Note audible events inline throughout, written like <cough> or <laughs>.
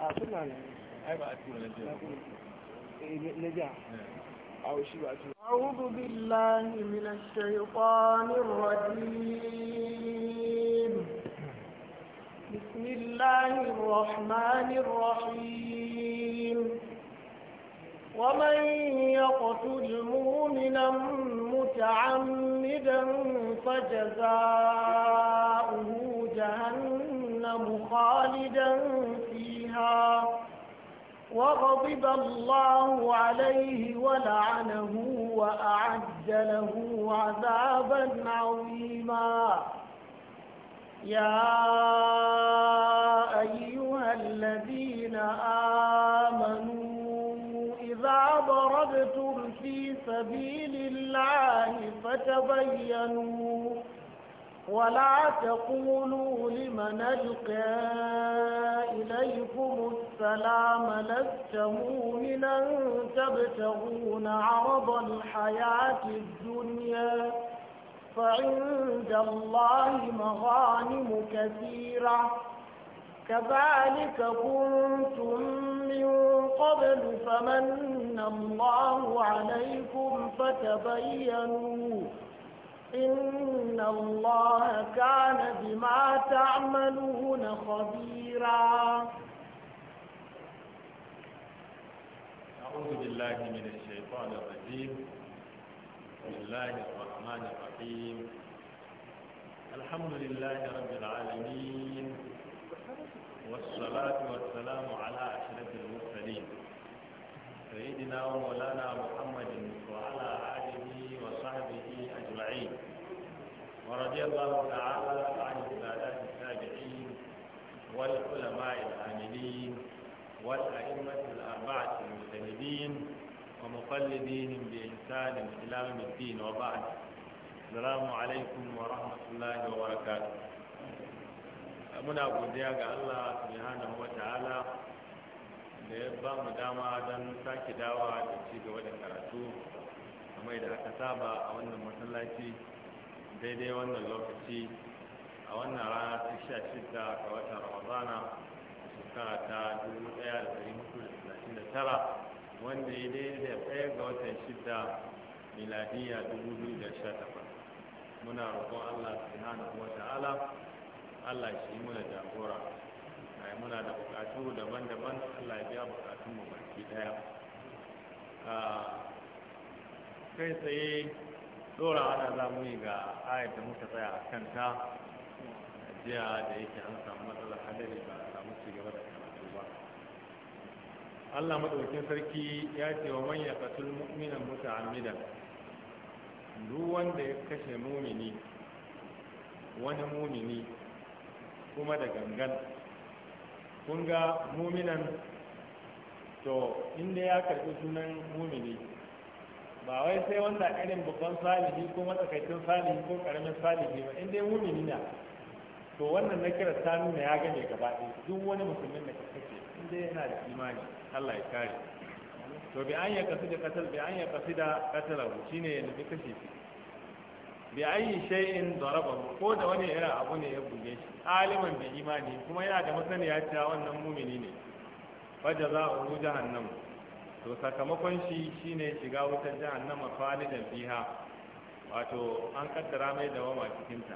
اه كلنا نجاح او شيء اعوذ بالله من الشيطان الرجيم بسم الله الرحمن الرحيم ومن يقتل مؤمنا متعمدا فجزاؤه جهنم خالدا وغضب الله عليه ولعنه وأعد له عذابا عظيما يا أيها الذين آمنوا إذا ضربتم في سبيل الله فتبينوا ولا تقولوا لمن ألقى إليكم السلام لست مؤمنا تبتغون عرض الحياة الدنيا فعند الله مغانم كثيرة كذلك كنتم من قبل فمن الله عليكم فتبينوا إن الله كان بما تعملون خبيرا أعوذ بالله من الشيطان الرجيم بسم الله الرحمن الرحيم الحمد لله رب العالمين والصلاة والسلام مقلديهم بإحسان إلى يوم الدين وبعد السلام عليكم ورحمة الله وبركاته muna godiya ga Allah subhanahu wa ta'ala da ya bamu dama don sake dawa da ci gaba da karatu kamar da aka saba a wannan masallaci daidai wannan lokaci a wannan rana ta sha shida ga watan ramadana ta wanda ya daidai da ɗaya ga watan shida dubu biyu da sha takwas muna roƙon allah subhanahu wa ta'ala allah shi muna jagora ai muna da bukatu daban-daban allah ya biya bukatun mu baki ɗaya kai tsaye dora ana za mu yi ga ayat da muka tsaya a kanta jiya da yake an samu matsalar hadari ba Allah madaukakin sarki ya ce wa man yaqtul mu'mina muta'ammidan duk wanda ya kashe mumini wani mumini kuma da gangan kun ga muminan to inda ya karbi sunan mumini ba wai sai wanda irin babban salihi ko matsakaicin salihi ko karamin salihi ba inda mumini na to wannan na kira ta nuna ya gane gaba duk wani musulmin da ka kashe dai yana da imani Allah ya kare to bi an ya kasu da katal bi an ya kasu da shine ya nufi kashe shi bi ayi shay'in ko da wani irin abu ne ya buge shi aliman bi imani kuma yana da masaniya cewa wannan mumini ne fa jazaohu jahannam to sakamakon shi shine shiga wutar jahannama da biha. wato an kaddara mai da cikin ta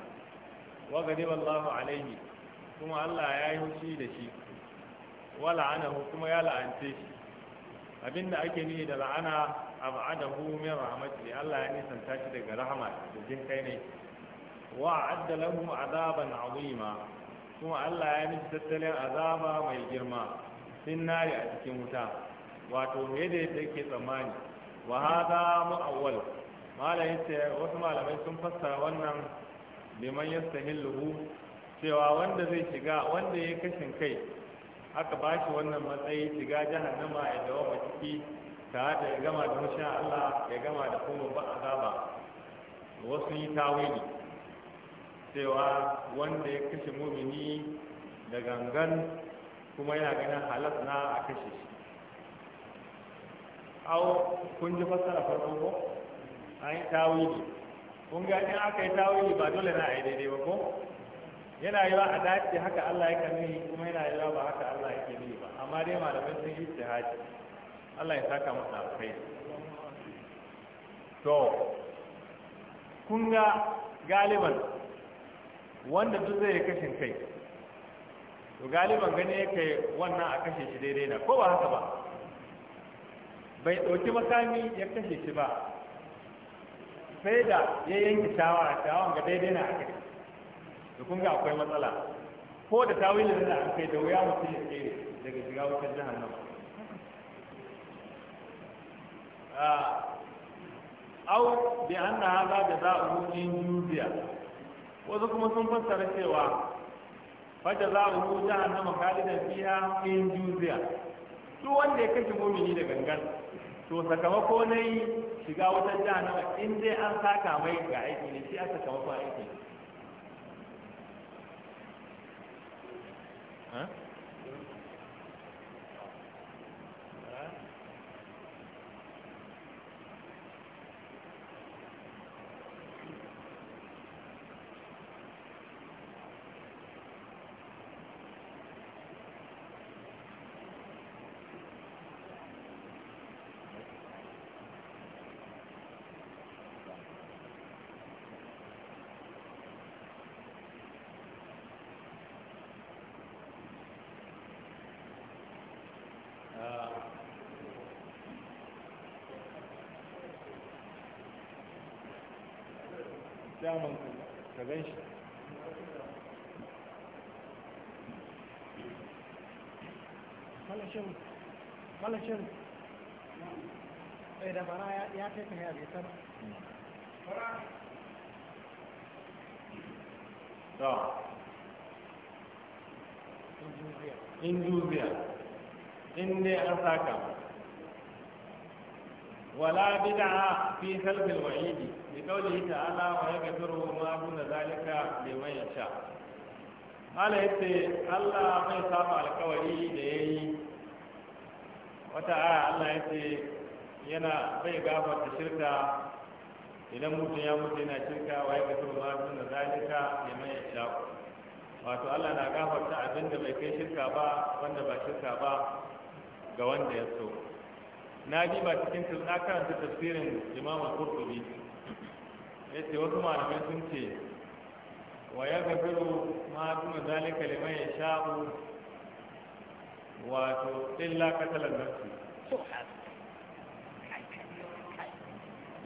wa gadi Allahu alaihi kuma Allah ya yi hushi da shi wa la'anahu kuma ya la'ance shi abinda ake nihi da la'ana abu ab'adahu min rahmati Allah ya nisanta shi daga rahama da jin kai ne wa adda lahum azaban azima kuma Allah ya nufi tattalin azaba mai girma sun nari a cikin wuta wato yadda yadda yake tsammani wa hada mu'awwal malam yace wasu malamai sun fassara wannan liman yastahilluhu cewa wanda zai shiga wanda ya kashin kai aka ba shi wannan matsayi shiga jahannama ya dawama ciki ta da ya gama da masha Allah ya gama da kuma ba a zaba wasu yi tawili cewa wanda ya kashe mumini da gangan kuma yana ganin halas na a kashe shi au kun ji fassara farko ko an yi tawili kun ga in aka yi tawili ba dole na a yi daidai ba ko yana yi wa a dace haka Allah ya kami kuma yana yi ba haka Allah ya ke ba amma dai malamai sun yi ijtihadi Allah ya saka masa kai to kun ga galiban wanda duk zai kashin kai to galiban gane yake wannan a kashe shi daidai na ko ba haka ba bai ɗauki makami ya kashe shi ba sai da ya yanke shawara shawaran ga daidai na a kashe da kun ga akwai matsala ko da ta tawilin da an kai da wuya mutum ya tsere daga shiga wutar nan ah, au bi da za a in juziya wasu kuma sun fassara cewa za a fa jihar nan khalidan fiya in juziya duk wanda ya kashe mumini da gangan to sakamako na yi shiga wutar nan. in dai an saka mai ga aiki ne shi a sakamakon aiki Huh? daman ka gan shi eh, da bara ya kai yabe ta ba in dubiya in dai an saka ba ولا بدعة في خلف الوعيد لقوله تعالى ويغفر ما دون ذلك لمن يشاء قال يتي الله ما يصاب على دي وتعالى الله yana bai gafarta shirka idan mutum ya mutu yana shirka wa ya gasu ma sun da ya sha wato Allah na gafarta abin da bai kai shirka ba wanda ba shirka ba ga wanda ya so na bi ba cikin na karanta tafsirin imam al-qurtubi yace wasu malamai sun ce wa ya gafiru ma kuma zalika liman ya wato illa qatala nafsi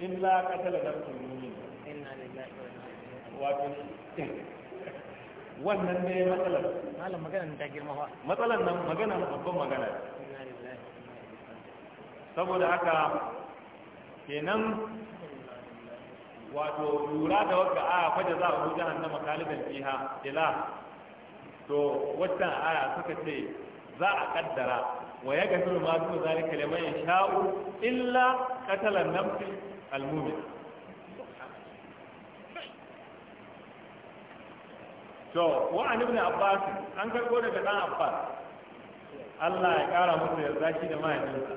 illa katala nafsi mu'min inna lillahi wa inna ilaihi wato wannan ne matsalar malam magana ta girma fa matsalar nan magana babban magana saboda haka kenan wato lura da wadda a da za a huja annama kaliban fiha ila to wannan aya suka ce za a kaddara wa ya gafi ma su zalika liman sha'u illa qatala nafsi almu'min to wa an ibn abbas an karbo daga dan abbas Allah ya kara musu yarda shi da mahaifinsa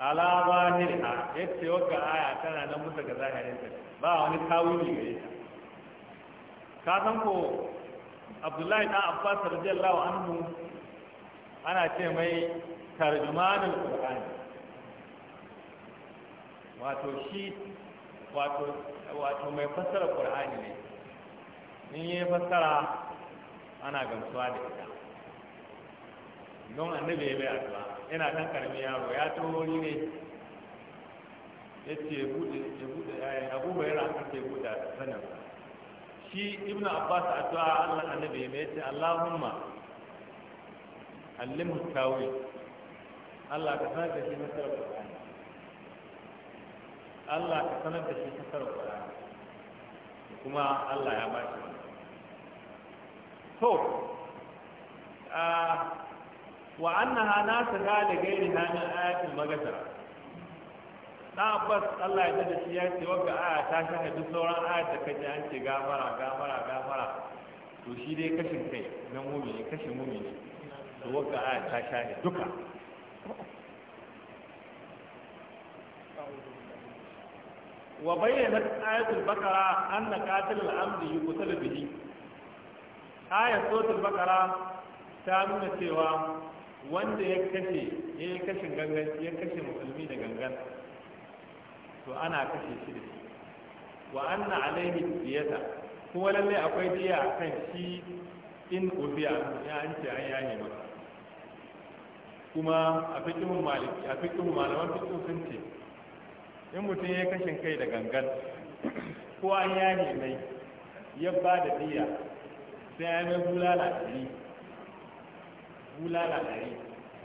ala yadda yace waka aya tana nan musa ga zahirin ta ba wani tawili gare ta ka san ko Abdullahi da Abbas radiyallahu anhu ana ce mai tarjumanul Qur'ani wato shi wato mai fassara Qur'ani ne in yi fassara ana gamsuwa da ita don annabi ya bayar ba yana dan karmi yaro ya tori ne yace bude ya bude ya Abu Hurairah kace bude sanan shi Ibn Abbas addu'a Allah annabi ya yace Allahumma allimhu tawil Allah ka sanar da shi nasarar Qur'ani Allah ka sanar da shi nasarar Qur'ani kuma Allah ya ba shi to ah, wa annaha nasiha da gairi na min ayatin magasara dan abbas Allah ya da shi ya ce wanda aya ta duk sauran aya da kaje an ce gafara gafara gafara to shi dai kashin kai na mumini kashin mumini to wanda aya ta shahadu duka wa bayyana ayatul bakara anna qatil al-amdi yuqtal bihi ayatul bakara ta nuna cewa wanda ya kashe ya yi kashin gangan ya kashe musulmi da gangan to ana kashe shi da shi wa anna alaihi diyata kuma lallai akwai diya kan shi in ubiya ya an ce an yaye ba. kuma a fikin maliki a fikin malaman fikin sun ce in mutum ya kashin kai da gangan ko an yaye mai ya ba da diya sai ya mai bulala da bulala ɗari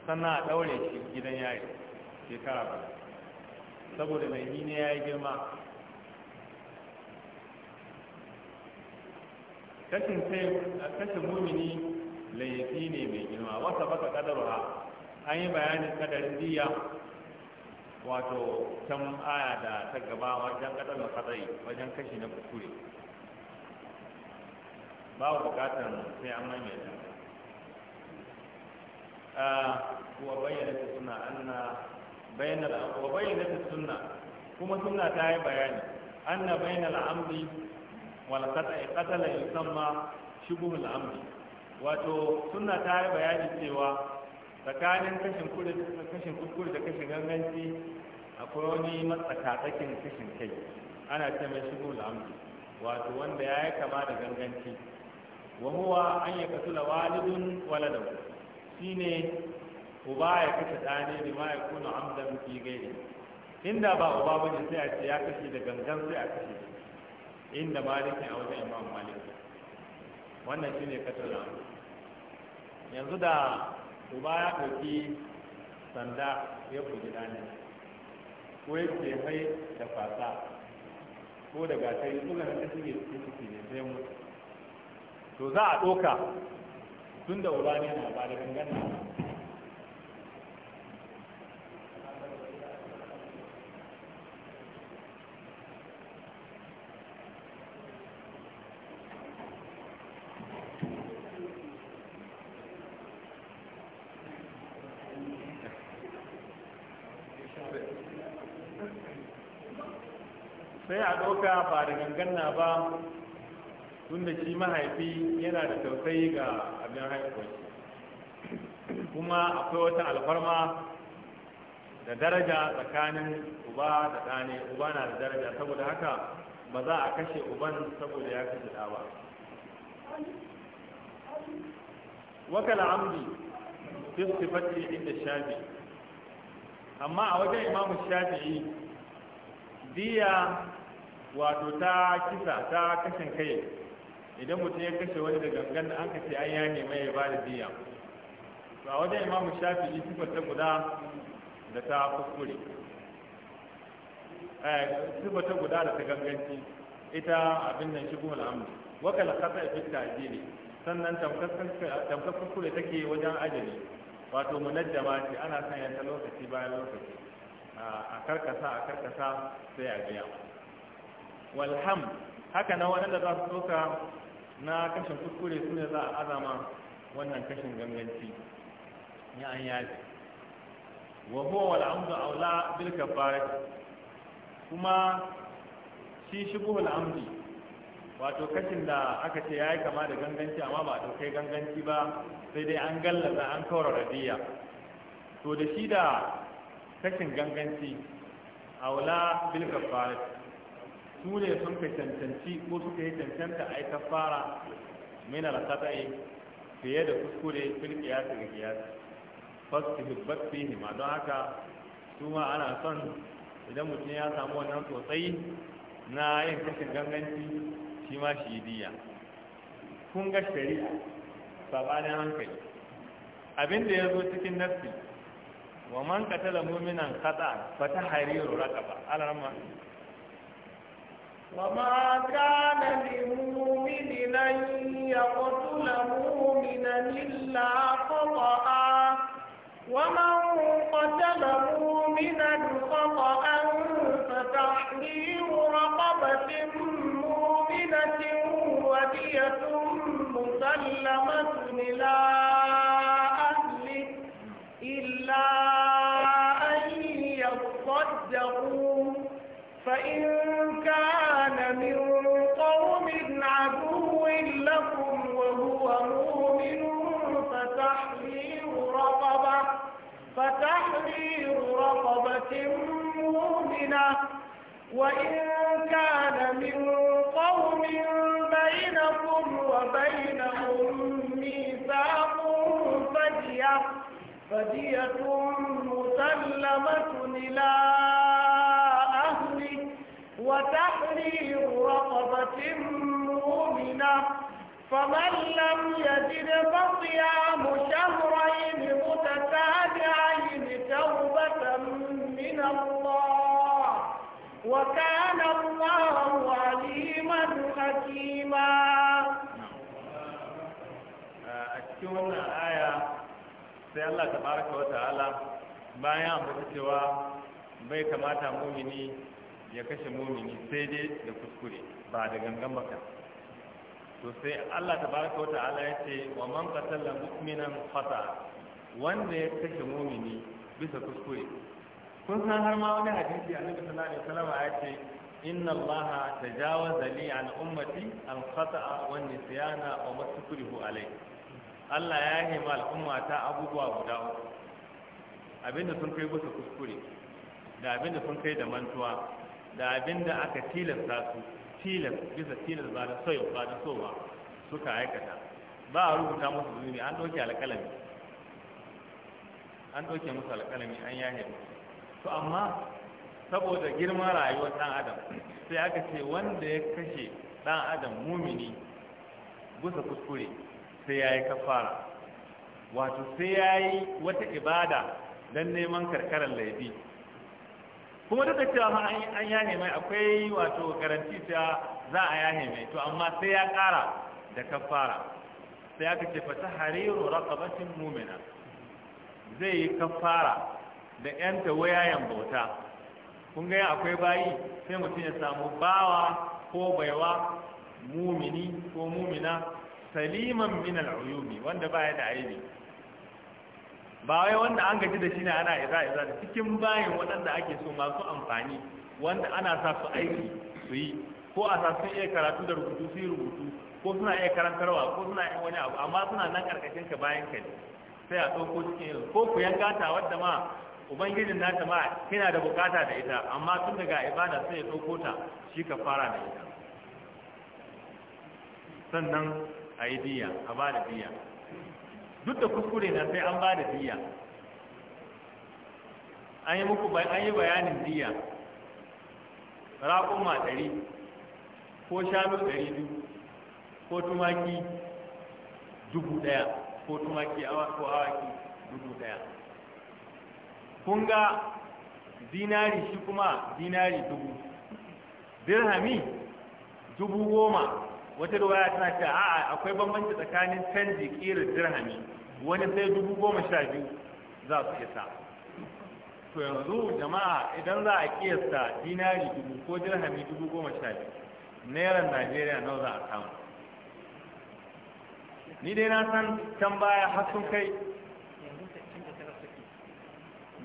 sannan a ɗaure shi gidan yari shekara ba saboda laifi ne ya yi girma kashin kashin mumini laifi ne mai girma wata baka ha an yi bayanin kadarin diya wato can aya da ta gaba wajen kadar da kadari wajen kashi na kuskure babu bukatar sai an mai wa bayyana ta suna, kuma suna ta yi bayani anna bayyana al'amri wal qat'i qatala yusamma shubuh al'amri wato suna ta yi bayani cewa tsakanin kashin kuri kuskure da kashin ganganci akwai wani matsakatakin kashin kai ana ce mai shubuh al'amri wato wanda ya yi kama da ganganci wa huwa an da walidun waladahu shine uba ya kashe ɗane ne ma ya kuna amda fi gaida. inda ba uba ba ne sai a ce ya kashe da gangan sai a kashe inda maliki a wajen imam malik wannan shine katala yanzu da uba ya ɗauki sanda ya bugi ɗane ko ya ce hai da fasa ko da gatari tsuganin da suke suke ciki ne sai mutu to za a ɗoka tun da uba ne na ba da gangan na sai a ɗauka ba da gangan na ba tun da shi mahaifi yana da tausayi ga abin haihuwa kuma akwai wata alfarma da daraja tsakanin uba da ɗane uba na da daraja saboda haka ba za a kashe uban saboda ya kashe ɗa ba wakala amdi fi sifati inda shafi amma a wajen imamu shafi'i diya wato ta kisa ta kashin kai idan mutum ya kashe wani da gangan an kashe an yane mai ya bada diya to a wajen imamu shafi'i sifar ta guda da ta kuskure eh, sifar ta guda da ta ganganci ita abin nan shigo al'amdu wakal kasa fi ta'jili sannan tamkar kuskure take wajen ajali wato munajjama ce ana sanya ta lokaci bayan lokaci a karkasa a karkasa sai a biya walham haka na waɗanda za su ɗauka na kashin kuskure su ne za a azama wannan kashin ganganci ya an yaji wa huwa wal amdu aula bil kafarat kuma shi shubuhul amdi wato kashin da aka ce yayi kama da ganganci amma ba a kai ganganci ba sai dai an gallaza an kaura radiya to da shi da kashin ganganci aula bil kafarat su ne sun ka cancanci ko suka yi cancanta a ita fara min al fiye da kuskure fil qiyas ga qiyas hibbat fihi ma don haka su ma ana son idan mutum ya samu wannan sosai na yin kashin ganganci shi ma shi yi diya kun ga shari'a sabanin hankali abin da ya zo cikin nafsi wa man qatala mu'minan khata fa tahriru raqaba alamma. وما كان لمؤمن أن يقتل مؤمنا إلا خطأ ومن قتل مؤمنا خطأ فتحرير رقبة مؤمنة ودية مسلمة إلى بينه وإن كان من قوم بينكم وبينهم ميثاق فدية فدية مسلمة إلى أهله وتحرير رقبة مؤمنة فمن لم يجد فصيام شهرين وكان الله عليما حكيما cikin wannan aya sai Allah ta baraka wa ta'ala bayan ambata cewa bai kamata mumini ya kashe mumini sai dai da kuskure ba da gangan baka to sai Allah ta baraka wa ta'ala ya ce wa man qatala mu'minan khata wanda ya kashe mumini bisa kuskure kun san har ma wani hadisi annabi sallallahu alaihi wasallam ya ce inna allaha tajawaza li an ummati al khata'a wan nisyana wa mastukrihu alai? Allah ya hima al'umma ta abubuwa guda uku abinda sun kai musu kuskure da abinda sun kai da mantuwa da abinda aka tilasta su tilas bisa tilas ba da soyo ba da soba suka aikata ba a rubuta musu zunubi an ɗauke alƙalami an ɗauke musu alƙalami an yahe musu to amma saboda girman rayuwar ɗan adam sai aka ce wanda ya kashe ɗan adam mumini gusa kuskure sai ya yi kafara wato sai ya yi wata ibada don neman karkarar laifi kuma duk da cewa an ya mai akwai wato karanti ta za a ya mai to amma sai ya ƙara da kafara sai aka ce fata hariru raqabatin mumina zai yi kafara da yanta wayayen bauta kun ga akwai bayi sai mutum ya samu bawa ko baiwa mumini ko mumina saliman min al'uyubi wanda baya da aibi ba wai wanda an gaji da shi ne ana iza iza da cikin bayin waɗanda ake so masu amfani wanda ana sa su aiki su yi ko a sa sun iya karatu da rubutu su yi rubutu ko suna iya karantarwa ko suna iya wani abu amma suna nan karkashin ka bayan ka ne sai a ɗauko cikin ko ku yanka ta wadda ma ubangijin nata ma kina da bukata da ita amma tun daga ibada sai ya ɗauko ta shi ka fara da ita sannan a yi diya a ba da diya duk da kuskure na sai an ba da diya an yi muku an yi bayanin diya raƙuma ɗari ko shanu ɗari biyu ko tumaki dubu ɗaya ko tumaki ko awaki dubu ɗaya kun ga dinari shi kuma dinari dubu dirhami dubu goma wata ruwaya tana ce a'a akwai bambanci tsakanin canji ƙirar dirhami wani sai dubu goma sha biyu za su isa to yanzu jama'a idan za a kiyasta dinari dubu ko dirhami dubu goma sha biyu naira najeriya na za a samu ni dai na san can baya har sun kai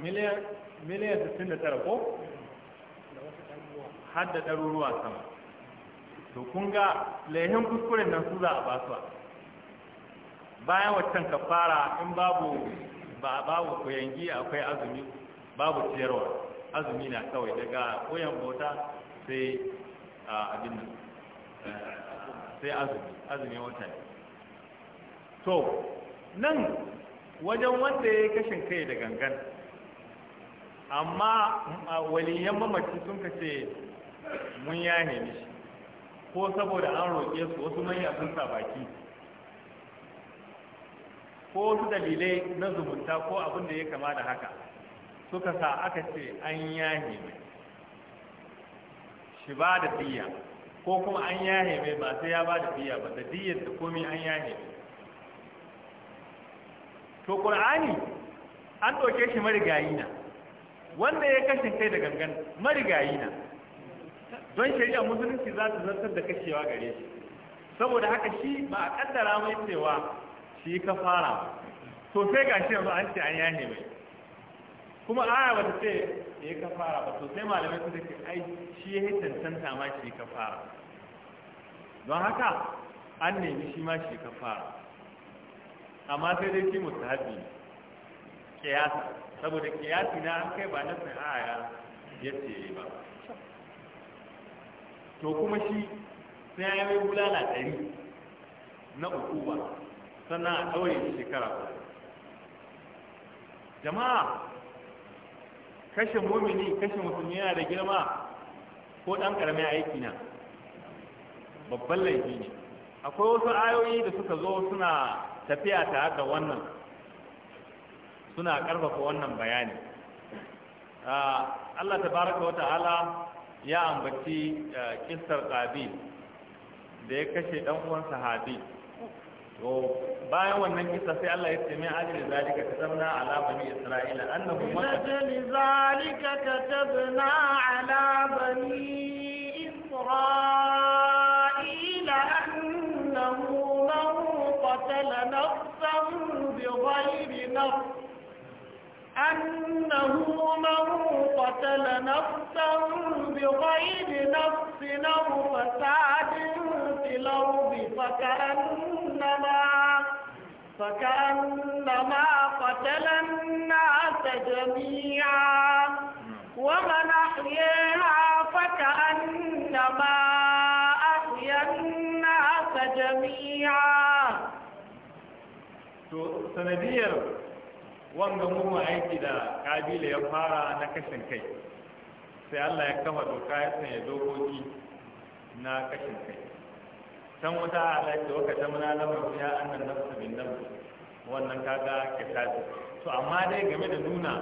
miliyan 69 ko Hadda ɗaruruwa sama to kun ga lehin kuskuren nan su za a ba su bayan waccan kafara in babu ba babu koyangi akwai azumi babu ciyarwa azumi na kawai daga koyan bota sai abin sai azumi azumi wata to nan wajen wanda ya kashin kai da gangan amma waliyan mamaci sun kace mun mun yahe mishi ko saboda an roƙe su wasu manya sun sa baki ko wasu dalilai na zumunta ko abin da ya kama da haka suka sa aka ce an yahe mai shi ba da diya ko kuma an yahe mai ba sai ya ba da diya ba da diyar da komai an yahe mai to ƙur'ani an ɗauke shi marigayi na wanda ya kashe kai da gangan marigayi na don shari'a musulunci za ta zartar da kashewa gare shi saboda haka shi ba a kaddara mai cewa shi ka fara to sai ga shi yanzu an ce an yahe mai kuma aya ba ta ce ya ka fara ba to sai malamai su ce ai shi ya tantanta ma shi ka fara don haka an nemi shi ma shi ka fara amma sai dai shi mustahabi ne ƙiyasa saboda kiyasi na an kai ba na sahaya ya ce ba to kuma shi sai ya yi bulala ɗari na uku ba sannan a ɗaure shekara ba jama'a kashe mumini kashe musulmi yana da girma ko ɗan ƙaramin aiki na babban laifi ne akwai wasu ayoyi da suka zo suna tafiya ta haka wannan suna ƙarfafa wannan bayani ah, Allah tabaraka wata'ala ya ambaci ah, kissar qabil da ya kashe dan uwan sahabi bayan wannan kissa sai Allah ya ce min ajli zalika katabna ala bani isra'ila annahu man أنه من قتل نفسا بغير نفس أو فساد في الأرض فكأنما فكأنما قتل الناس جميعا ومن أحياها فكأنما أحيا الناس جميعا سندير wanga mu aiki da kabila ya fara na kashin kai sai allah ya kama doka ya sanya dokoki na kashin kai can wata alaƙi waka ta muna na ya ya nan nafsu bin nafsu wannan kaga ke kisasi to amma dai game da nuna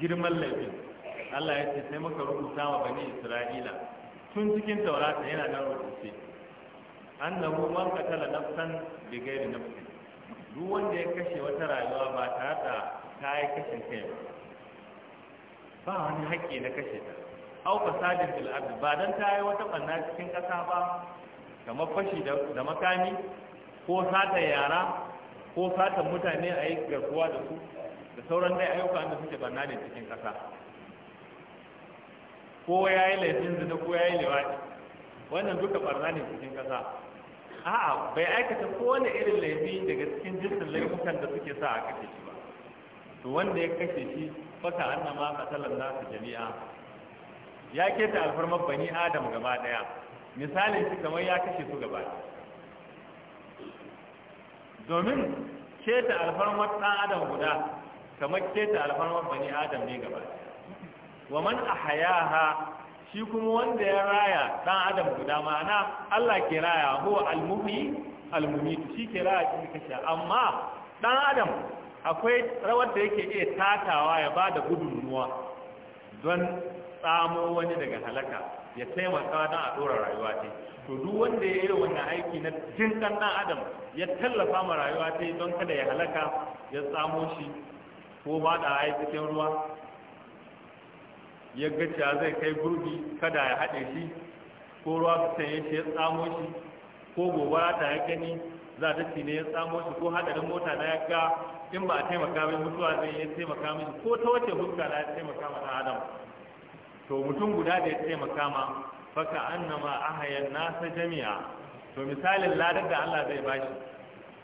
girman laifin allah ya ce sai muka rubuta wa bani isra'ila tun cikin taurata yana nan rubuce annahu man qatala nafsan bi ghairi nafsin duk wanda ya kashe wata rayuwa ba tare da ta yi kashin kai ba wani haƙƙi na kashe ta au fasadin fil ba dan ta yi wata banna cikin ƙasa ba kamar fashi da makami ko sata yara ko sata mutane a yi garkuwa da su da sauran dai ayyuka da suke banna ne cikin ƙasa ko ya yi laifin zina ko ya yi lewaɗi wannan duka barna ne cikin ƙasa a'a bai aikata ko wani irin laifi daga cikin jinsin laifukan da suke sa a kashe shi ba to wanda ya kashe shi faka annama qatalan nasu jami'a ya keta alfarmar bani adam gaba daya misalin shi kamar ya kashe su gaba domin keta alfarmar dan adam guda kamar keta alfarmar bani adam ne gaba wa man ahayaha shi kuma wanda ya raya dan adam guda ma'ana Allah ke raya huwa almuhi almumit shi ke raya cikin kashi amma dan adam akwai rawar da yake iya tatawa ya bada gudunmuwa don tsamo wani daga halaka ya taimaka don a dora rayuwa ce to duk wanda ya yi wannan aiki na jin dan adam ya tallafa ma rayuwa ce don kada ya halaka ya tsamo shi ko ba da cikin ruwa ya gaci cewa zai kai gurbi kada ya haɗe shi ko ruwa ta sanye shi ya tsamo shi ko gobara ta ya gani za ta ci ne ya tsamo shi ko haɗarin mota na ya ga in ba a taimaka mai mutuwa zai ya taimaka mai ko ta wace huska na ya taimaka ma ɗan adam to mutum guda da ya taimaka ma faka annama ahayan nasa jami'a to misalin ladar da Allah zai bashi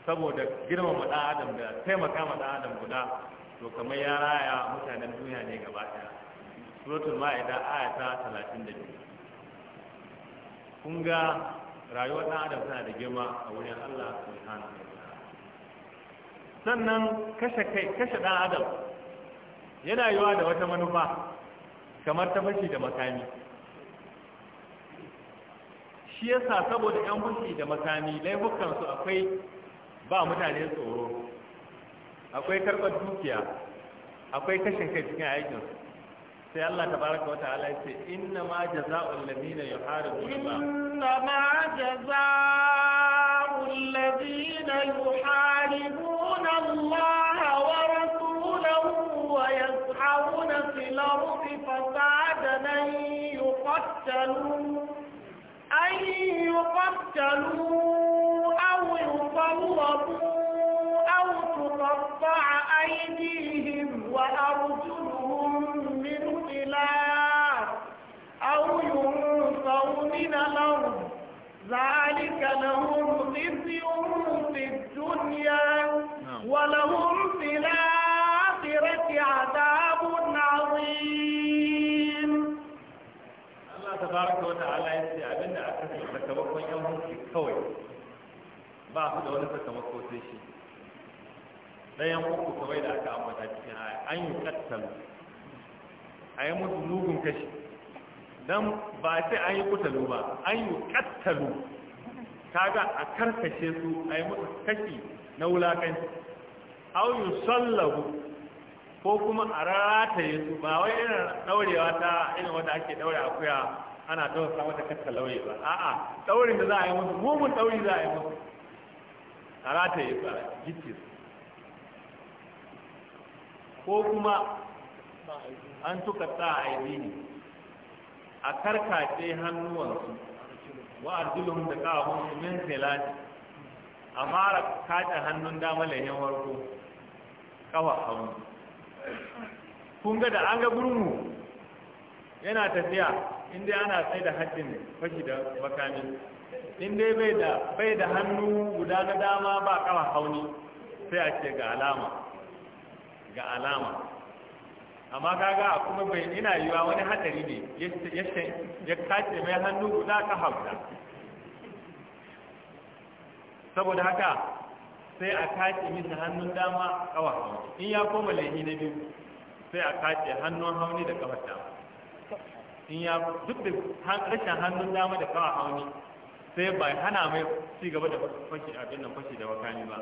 saboda girmama ɗan adam da taimaka ma ɗan adam guda to kamar ya raya mutanen duniya ne gaba ɗaya suratul ma'ida aya ta 32 kun ga rayuwar ɗan adam tana da girma a wurin Allah subhanahu wa ta'ala sannan kashe kai kashe ɗan adam yana yiwa da wata manufa kamar ta fashi da makami shi yasa saboda yan fushi da makami laifukan su akwai ba mutane tsoro akwai karɓar dukiya akwai kashin kai cikin aikinsu sai Allah tabaraka wa ta'ala yace inna ma jazaa'ul ladina yuharibu inna ma jazaa'ul ladina yuharibuna Allah wa rasulahu wa yas'awna fil ardi fasadan yuqtalu ay yuqtalu ba su da wani sakamako sai shi ɗayan uku kawai da aka ambata cikin aya an yi kattalu a yi mutu mugun kashi don ba sai an yi kutalu ba an yi kattalu kaga a karkashe su a yi mutu kashi na wulakanci au yi sallahu ko kuma a rataye su ba wai irin ɗaurewa ta irin wanda ake ɗaure akuya ana tausa wata kasta ba a'a ɗaurin da za a yi musu mugun ɗauri za a yi musu a rataye su ko kuma an suka sa a yi ne a karkace hannuwansu wa arjulun da kawon su min a mara kata hannun dama lahin warko kawa hannu kun ga da an ga gurmu yana tafiya inda ana sai da haddin fashi da makamin. in dai bai da bai da hannu guda na dama ba kawa hauni sai a ce ga alama ga alama amma kaga kuma bai ina yiwa wani hadari ne ya kace mai hannu guda ka hauta saboda haka sai a kace misa hannun dama kawa hauni in ya koma laifi na biyu sai a kace hannun hauni da kawar dama in ya duk da rashin hannun dama da kawa hauni sai bai hana mai ci gaba da fashi abin nan fashi da wakani ba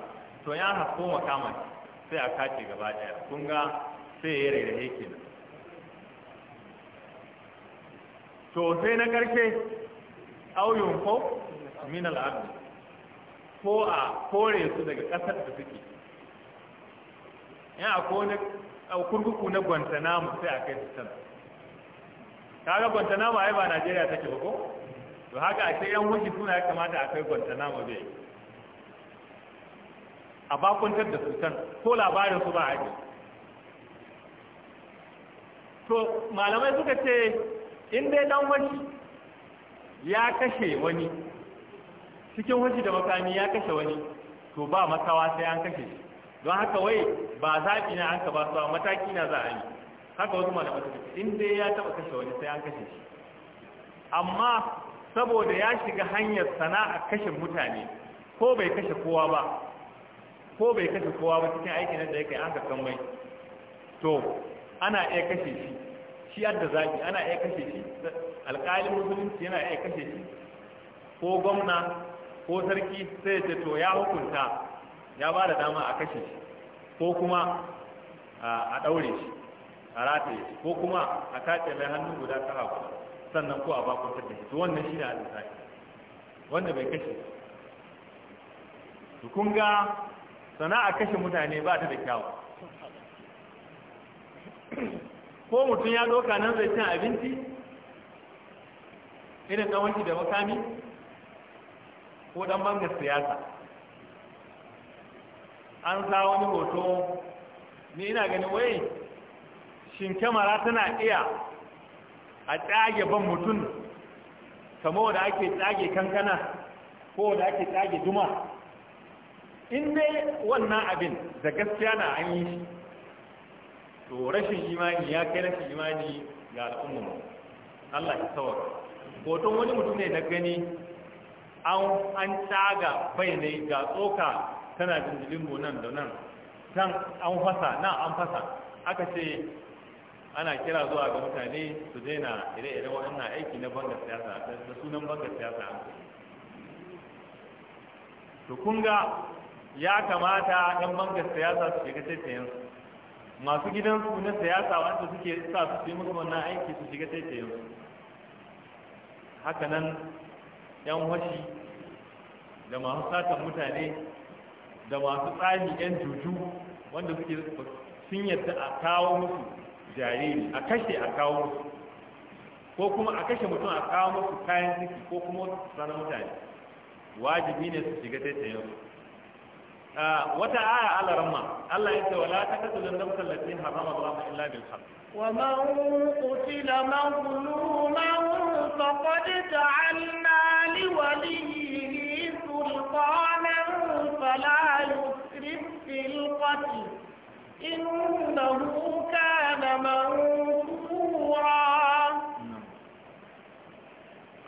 to ya hako makaman sai a kace gaba daya kun ga sai ya yake kenan to sai na karshe auyun ko min al'abd ko a kore su daga kasar da suke ya ko na kurkuku na Guantanamo sai a kai su can kaga Guantanamo ai ba Najeriya take ba ko to haka a ce yan wuce suna ya kamata a kai guantanamo bai a bakuntar da sutan, ko labarin su ba a yi to malamai suka ce in dai dan wani ya kashe wani cikin wuce da makami ya kashe wani to ba makawa sai an kashe shi don haka wai ba zaɓi na an ka ba su mataki na za a yi haka wasu malamai suka ce in dai ya taɓa kashe wani sai an kashe shi amma saboda ya shiga hanyar sana'a kashe mutane ko bai kashe kowa ba ko bai kashe kowa ba cikin aikin da yake an kan mai to ana iya kashe shi shi yadda zaki ana iya kashe shi alƙalin musulunci yana iya kashe shi ko gwamna ko sarki sai ce to ya hukunta ya ba da dama a kashe shi ko kuma a ɗaure shi a rataye shi ko kuma a kace mai hannu guda ta haku sannan ko a bakon ta kashe to wannan shi ne al wanda bai kashe to kun ga sana'a kashe mutane ba ta da kyau. ko mutum ya doka nan zai cin abinci irin wanki da makami ko dan banga siyasa an sa wani hoto ni ina ganin wai shin kyamara tana iya a tsage ban mutum kama da ake tsage kankana ko da ake tsage duma in dai wannan abin da gaskiya na an yi to rashin imani ya kai rashin imani ga al'ummar Allah ya tsawar hoton wani mutum ne na gani an tsaga bai ne ga tsoka tana jinjirin mu nan da nan can an fasa na an fasa aka ce ana kira zuwa ga mutane su daina ire-ire waɗannan aiki na bangar siyasa da sunan bangar siyasa to kun ga ya kamata ɗan bangar siyasa su shiga taitayen masu gidan su na siyasa wanda suke sa su yi musu wannan aiki su shiga taitayen haka nan yan washi da masu satan mutane da masu tsari yan juju wanda suke sun yadda a kawo musu jariri a kashe a kawo ko kuma a kashe mutum a kawo musu kayan ciki ko kuma wasu sanar mutane wajibi ne su shiga taitayen su wata aya ala ramma Allah ya ce wala ta kasu dan nafsal lati harama Allah illa bil haqq wa man qutila mazluman faqad ta'alna li waliyhi sultanan fala yusrif fil qatl innahu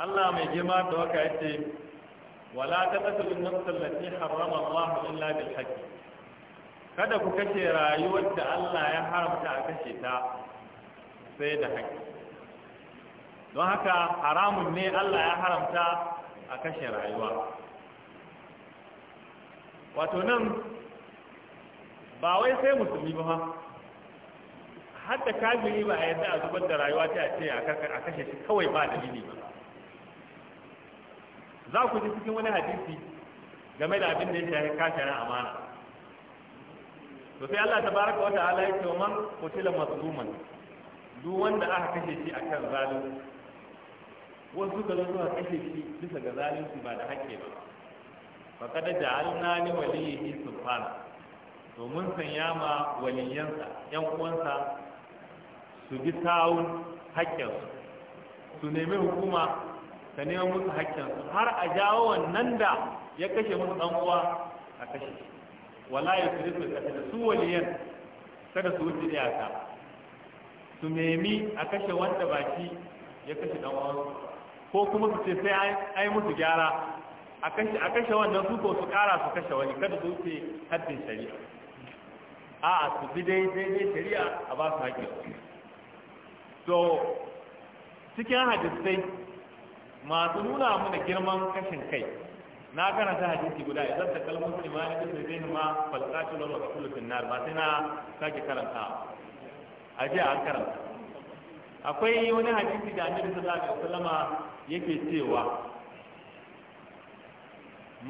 Allah mai girma da waka ce, wala taqtulun nafsal lati harrama Allah illa bil haqq kada ku kashe rayuwar da Allah ya haramta a kashe ta sai da haƙƙi don haka haramun ne Allah ya haramta a kashe rayuwa wato nan ba wai sai musulmi ba hatta kafiri ba a yadda a zubar da rayuwa ta ce a kashe shi kawai ba dalili ba za ku ji cikin wani hadisi game da abin da ya kashe kashirin amana to sai Allah tabaraka wa ta'ala ya ce man qutila mazluman duk wanda aka kashe shi akan zalunci wasu suka zo suka kashe shi bisa ga zalunci ba da hakke ba da ja'alna li waliyhi subhana to mun sanya ma waliyansa yan uwansa su bi sawun hakkin su nemi hukuma ka neman musu haƙƙinsu har a jawo wannan da ya kashe musu ɗan uwa a kashe wala ya su rufe da su waliyan kada su wuce iyaka su nemi a kashe wanda ba shi ya kashe ɗan uwa ko kuma su ce sai ai yi musu gyara a kashe wannan su ko su ƙara su kashe wani kada su wuce haddin shari'a a su bi dai-dai daidai shari'a a ba su haƙƙinsu to cikin hadisai masu nuna mana girman kashin kai na karanta hadisi guda idan ta kalmar imani da zai zai ma falsafi lor wa kullu finnar ba sai na sake karanta a jiya an karanta akwai wani hadisi da annabi sallallahu alaihi wasallama yake cewa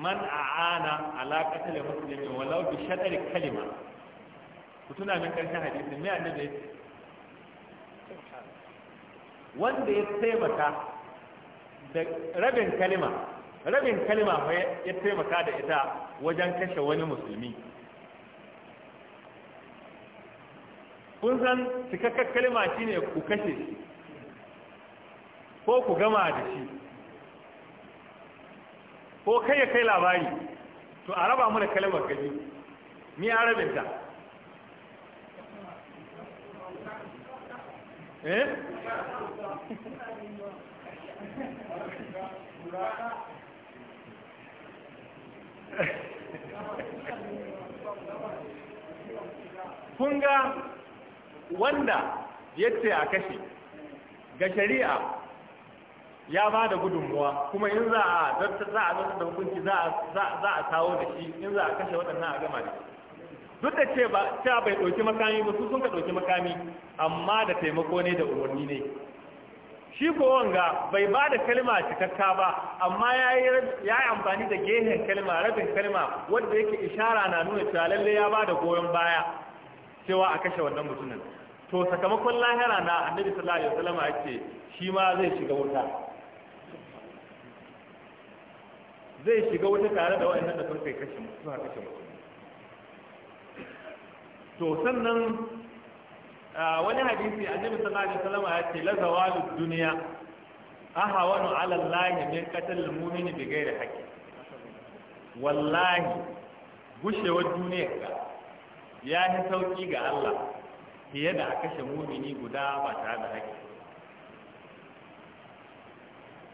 man a'ana ala qatl muslimin walau bi shatr kalima ku tuna min karshen hadisi me annabi wanda ya taimaka da rabin kalima rabin kalima ya taimaka da ita wajen kashe wani musulmi kun san cikakkar kalima shine ku kashe shi ko ku gama da shi ko kai ya kai labari to a raba mu da kalmar gaji ni a rabin ta eh kunga wanda ce a kashe ga shari'a ya ba da gudunmuwa kuma in za a za a zarta hukunci za a kawo da shi in za a kashe waɗannan a gama da duk da ce ba ta bai ɗauki makami ba su sun ka ɗauki makami amma da taimako ne da umarni ne shi ko wanga bai ba da kalma cikakka ba amma ya yi amfani da gehen kalma rabin kalma wanda yake ishara na nuna cewa lalle ya ba da goyon baya cewa a kashe wannan mutumin to sakamakon lahira na annabi sallallahu alaihi wasallam ya ce shi ma zai shiga wuta zai shiga wuta tare da waɗannan da suka kashe mutum to sannan wani hadisi annabi sallallahu alaihi wasallam ya ce la zawalu dunya ahawanu ala allahi min qatl al bi ghairi haqqi wallahi gushewar duniyar ka ya yi sauki ga Allah fiye da a kashe mumini guda ba tare da haƙƙi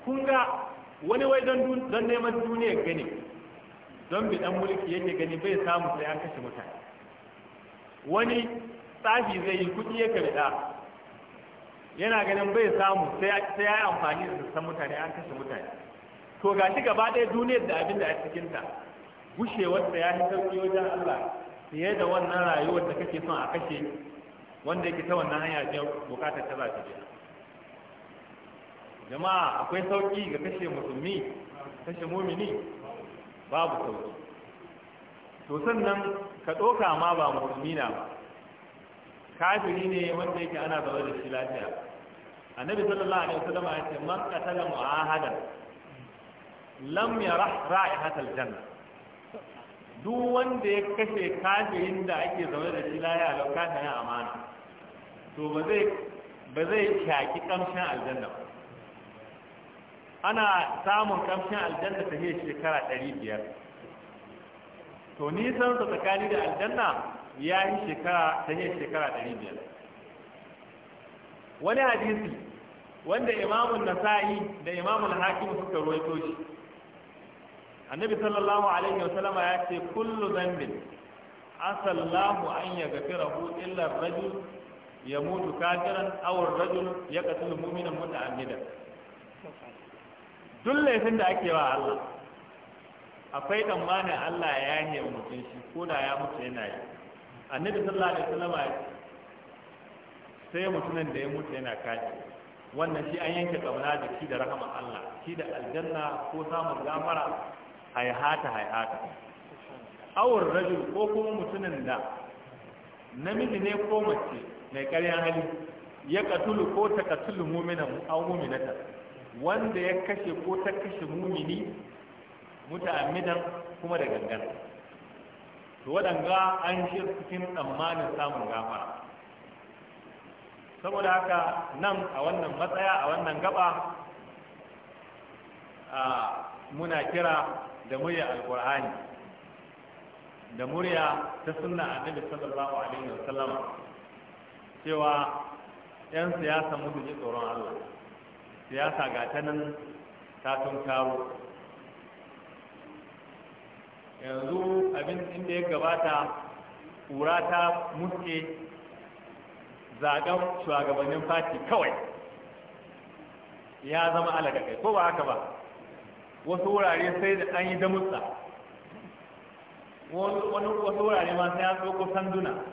kun ga wani wai don neman duniyar gani don bi dan mulki yake gani bai samu sai an kashe mutane wani tsafi zai yi kuɗi ya karɗa yana ganin bai samu sai ya yi amfani da sassan mutane an kashe mutane to ga shi gaba ɗaya duniyar da abin da a cikinta gushe da ya fi sauƙi wajen Allah fiye da wannan rayuwar da kake son a kashe wanda yake ta wannan hanya ce bukatar ta za ta biya jama'a akwai sauƙi ga kashe musulmi kashe mumini babu sauƙi to sannan ka ɗoka ma ba musulmi na ba kafiri ne wanda yake ana zaune da shi lafiya annabi sallallahu alaihi wasallam ya ce man qatala mu'ahadan lam yarah ra'ihat aljanna duk wanda ya kashe kafirin da ake zaune da shi lafiya lau kafirin amana to ba zai ba zai shaki kamshin aljanna ba ana samun kamshin aljanna ta hiyar shekara 500 to nisan sa tsakani da aljanna ya yi shekara ta yin shekara ɗari biyar wani hadisi wanda imamun nasa'i da imamun hakim suka ruwaito shi annabi sallallahu alaihi wa sallama ya ce kullu zambin asallahu an ya rahu illa rajul ya mutu kafiran awar rajul ya kasu muminan muta'ammidan duk laifin da ake wa Allah akwai tsammanin Allah ya yi mutum shi ko da ya mutu yana yi annabi sallallahu alaihi wasallam sai mutumin da ya mutu yana kaji wannan shi an yanke kauna da shi da rahama Allah shi da aljanna ko samun gamara haihata haihata awur rajul ko kuma mutumin da namiji ne ko mace mai ƙaryan hali ya katulu ko ta katulu muminan aw muminata wanda ya kashe ko ta kashe mumini muta'ammidan kuma da gangan to waɗanga an shi cikin tsammanin samun gafara saboda haka nan a wannan matsaya a wannan gaba muna kira da murya alkur'ani da murya ta sunna annabi sallallahu alaihi wasallam cewa 'yan siyasa mutu ji tsoron Allah siyasa ga ta nan ta tun karo yanzu abin inda ya gabata ƙura ta muske zagar shugabannin fati kawai ya zama alaƙaƙai ko ba haka ba wasu wurare sai da an yi damutsa wani wasu wurare ma sai ya tsoko sanduna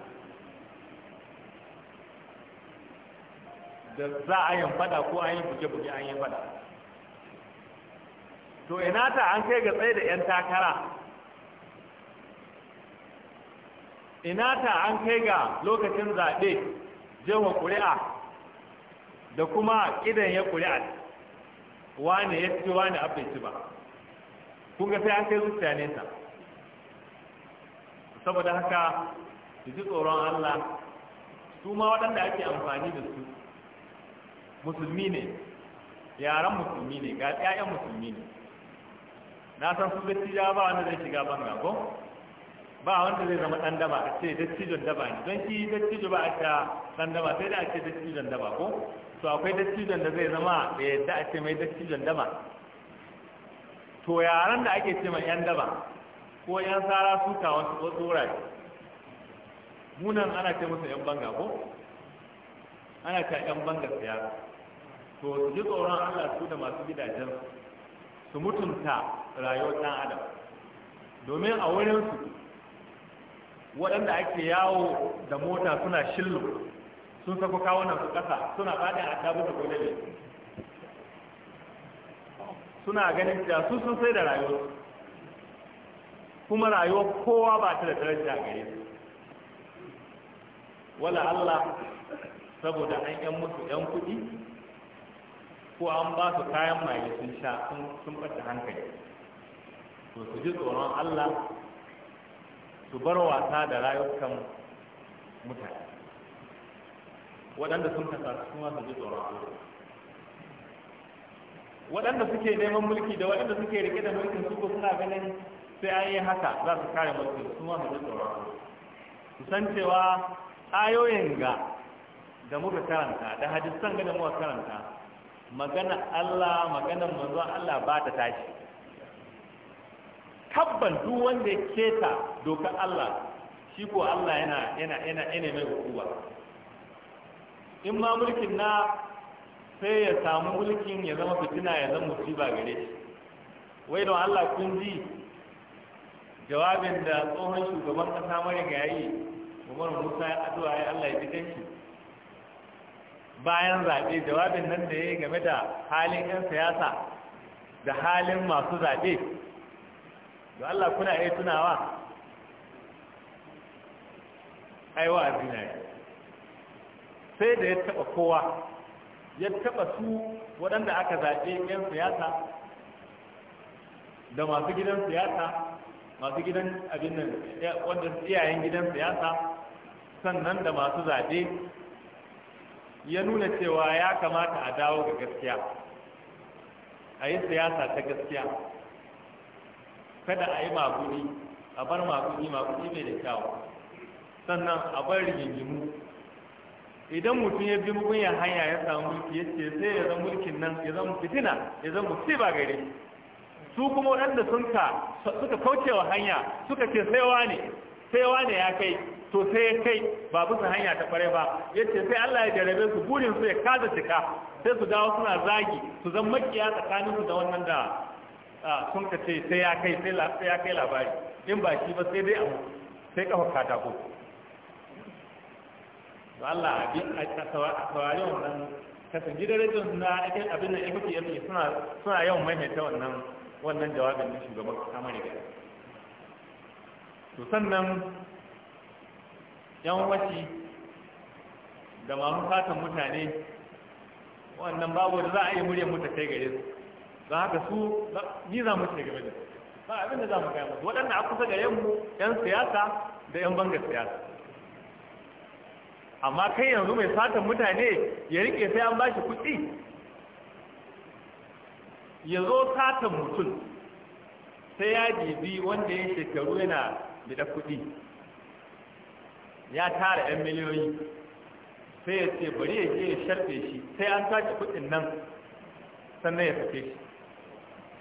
da za a yin fada ko an yi buge-buge an yi fada to ina ta an kai ga tsaye da 'yan takara ina ta an kai ga lokacin zaɓe jewa ƙuri'a da kuma ƙidan ya ƙuri'a wani ya ci wane abin ci ba kun ga sai an kai zuciya nesa saboda haka su ji tsoron Allah su ma waɗanda ake amfani da su musulmi ne yaran musulmi ne ga 'ya'yan musulmi ne na san su zai ci ba wanda zai shiga banga ko ba wanda zai zama dan daba a ce dattijon daba ne don shi dattijo ba a ce dan daba sai da a ce dattijon daba ko to akwai dattijon da zai zama da yadda a ce mai dattijon daba to yaran da ake ce mai yan daba ko yan sara suka wasu ne munan ana ce musu yan banga ko ana ta yan banga siyasa to su ji tsoron Allah su da masu gidajen su mutunta rayuwar dan adam domin a wurin su waɗanda ake yawo da mota suna shillo sun sako kawunan su ƙasa suna faɗin a tabu da gudale suna ganin da su sun sai da rayuwa kuma rayuwa kowa ba ta da daraja gare su wala Allah saboda an yan musu yan kuɗi ko an ba su kayan maye sun sha sun ɓata hankali to su ji tsoron Allah su bar wasa da rayukan mutane waɗanda sun kasa su kuma su ji tsoron waɗanda suke neman mulki da waɗanda suke rike da mulkin su suna ganin sai an yi haka za su kare mulkin su ma su ji tsoron su san cewa ayoyin ga da muka karanta da hadisan ga da muka karanta magana Allah maganar manzon Allah ba ta tashi tabban duk wanda ya keta doka Allah shi ko Allah yana yana yana yana mai hukuma in ma mulkin na sai ya samu mulkin ya zama fitina ya zama musiba gare shi wai don Allah kun ji jawabin da tsohon shugaban kasa marigayi Umar Musa ya addu'a ya Allah ya ji shi bayan zaɓe jawabin nan da ya game da halin 'yan siyasa da halin masu zaɓe to Allah kuna iya tunawa ai wa'azi na sai da ya taba kowa ya taba su waɗanda aka zaɓe yan siyasa da masu gidan siyasa masu gidan abin nan wanda iyayen gidan siyasa sannan da masu zaɓe ya nuna cewa ya kamata a dawo ga gaskiya a yi siyasa ta gaskiya kada a yi magudi a bar magudi magudi mai da kyawu sannan a bar rigingimu idan mutum ya bi mugunyar hanya ya samu mulki ya ce sai ya zama mulkin nan ya zama fitina ya zama ba gare su kuma waɗanda sun ka suka kaucewa hanya suka ce sai wane sai wane ya kai to sai ya kai ba bisa hanya ta kware ba ya ce sai Allah ya jarabe su burin su ya kaza cika sai su dawo suna zagi su zan makiya tsakaninsu da wannan da sun ka ce sai ya kai sai ya kai labari in ba shi ba sai dai abu sai kafa katako to Allah abin a saurari wannan kasan gidan rajin na aikin abin da ikuti yake suna suna yawan maimaita wannan wannan jawabin na shugaban Amurka to sannan yan wasi da mamu fatan mutane wannan babu da za a yi muryan mu ta kai gare su za haka su ni za mu ce game da ba abin da za mu gaya masu waɗanda a kusa ga mu yan siyasa da yan bangar siyasa amma kai yanzu mai satan mutane ya rike sai an ba shi kuɗi ya zo satan mutum sai ya jibi wanda ya shekaru yana da kuɗi ya tara 'yan miliyoyi sai ya ce bari ya je ya sharfe shi sai an sace kuɗin nan sannan ya sake shi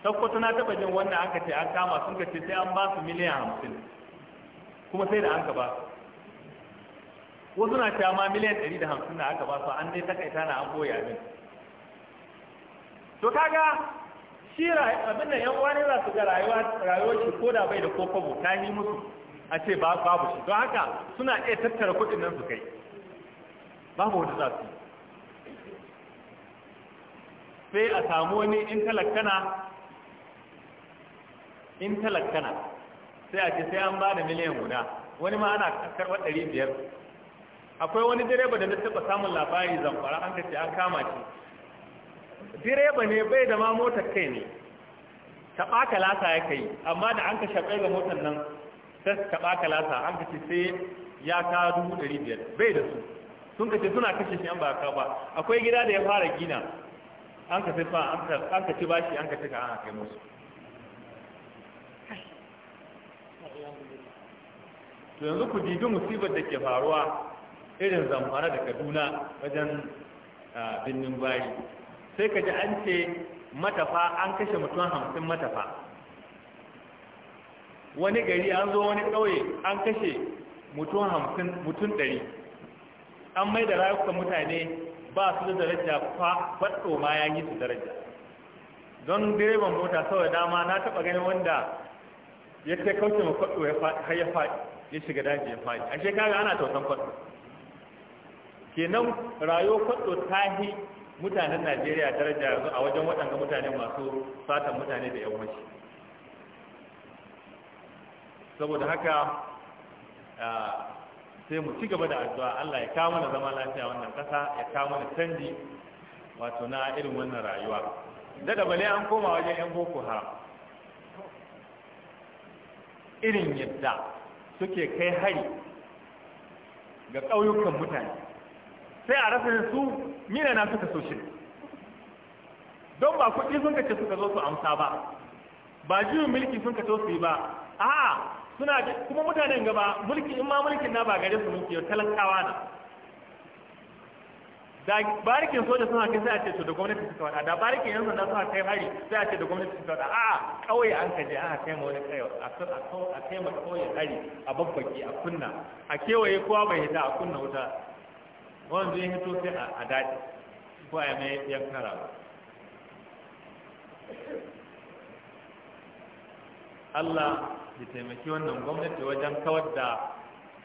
sakkwato na taɓa jin wannan aka ce an kama sun ka ce sai an ba su miliyan hamsin kuma sai da aka ba su wasu na cewa ma miliyan ɗari da hamsin na aka ba su an dai takaita na an boye abin to kaga shi abin da yan uwa ne za su ga rayuwar shi ko da bai da ko kwabo ta yi musu a ce babu shi don haka suna iya tattara kuɗin nan su kai babu wata za su sai a samu wani in talakkana in talakana sai a ce sai an bada miliyan guda wani ma ana karɓar ɗari biyar akwai wani direba da na taɓa samun labari zamfara an ka ce an kama shi direba ne bai da ma motar kai ne taɓa kalasa ya kai amma da an ka shaɓe ga motar nan ta taɓa kalasa an ka ce sai ya kawo dubu ɗari biyar bai da su sun ka ce suna kashe shi an ba ka ba akwai gida da ya fara gina an ka sai fa an ka ci bashi an ka cika an kai musu to yanzu ku dibi musibar da ke faruwa irin zamfara da kaduna wajen binnin bari sai ka ji an ce matafa an kashe mutum hamsin matafa wani gari an zo wani ƙauye an kashe mutum hamsin mutum ɗari an mai da rayuka mutane ba su da daraja faɗo ma ya yi su daraja don direban mota sau da dama na taɓa ganin wanda ya kai kauce ma kwaɗo ya faɗi har ya faɗi ya shiga daji ya faɗi a shekara ana tausan kwaɗo kenan rayuwar kwaɗo ta yi mutanen najeriya daraja yanzu a wajen waɗanda mutane masu satan mutane da yawanci saboda haka sai mu ci gaba da addu'a Allah ya kawo mana zama lafiya wannan ƙasa ya kawo mana canji wato na irin wannan rayuwa daga bale an koma wajen yan boko haram irin yadda suke kai hari ga ƙauyukan mutane sai a rasa su mina na suka so shi don ba kuɗi sun kace suka zo su amsa ba ba jiyun mulki sun kace su yi ba a'a suna kuma mutanen gaba mulki in ma mulkin na ba gare su mulki talakawa na da barikin soja suna kai sai a ce to da gwamnati su wada da barikin yan sanda suna kai hari sai a ce da gwamnati su wada a'a kauye an kaje aka kai ma wani kai a kan a kai ma kauye hari a babbaki a kunna a kewaye kowa bai hita a kunna wuta wanda ya hito sai a daɗi ko a mai kara Allah ya taimaki wannan gwamnati wajen kawar da